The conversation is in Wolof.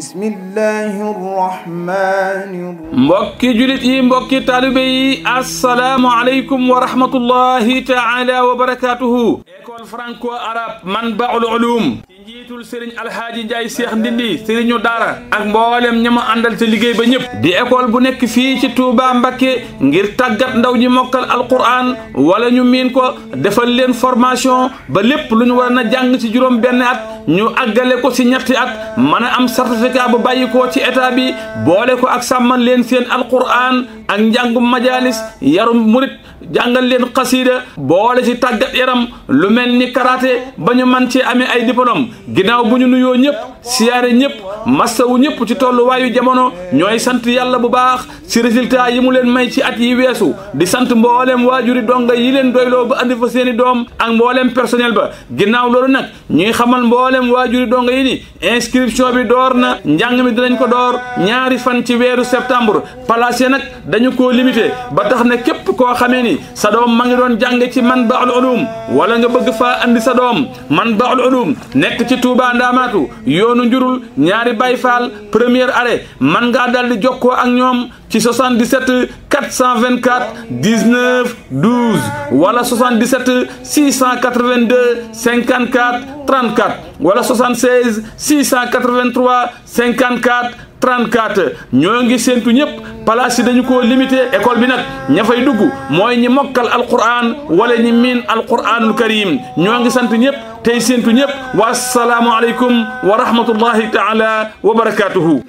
bismillahi rahmani mbokki julit yi mbokki taalibe yi assalaamu aleykum wa rahmatullahi taala wa barakatuhu école franco arabe man baul ulum njiitul sëriñ alxaaji njaay seex ndindi sëriñu daara ak mboolem ñama àndal te liggéey ba ñëpp di école bu nekk fii ci Touba Mbakke ngir tàggat ndaw ñi mokkal alquran wala ñu miin ko defal leen formation ba lépp lu ñu war na jàng ci juróom benn at ñu àggale ko ci ñetti at mën a am certificat bu bàyyi ko ci état bi boole ko ak sàmmal leen seen alquran ak njàngum majalis yarum murit jàngal leen xasiida boole ci tàggat yaram lu mel ni karaté ba ñu man cee amee ay diplôme ginnaaw bu ñu nuyoo ñëpp siyaare ñëpp massawu ñëpp ci tolluwaayu jamono ñooy sant yàlla bu baax ci résultat yi mu leen may ci at yi weesu di sant mbooleem waajuri donga yi leen doyloo ba andi fa seeni doom ak mbooleem personnel ba ginnaaw loolu nag ñuy xamal mbooleem waajuri donga yi ni inscription bi door na njàng mi dinañ ko door ñaari fan ci weeru septembre dañu koo limité ba tax ne képp koo xamee ni sa doom ma ngi doon jàng ci man baal ulum wala nga bëgg faa andi sa doom man baal ulum nekk ci Touba Ndaamaatu yoonu njuru ñaari Baye Fall première arrêt man ngaa dal di jokkoo ak ñoom ci 77 424 19 12 wala 77 682 54 34 wala 76 683 54 34 ñoo ngi séentu ñëpp place yi dañu ko limité école bi nag ña fay dugg mooy ñi mokkal alquran wala ñi miin alquranul karim ñoo ngi sant ñëpp tey séentu ñëpp wa asalaamu aleykum wa rahmatullahi taala wa barakatuhu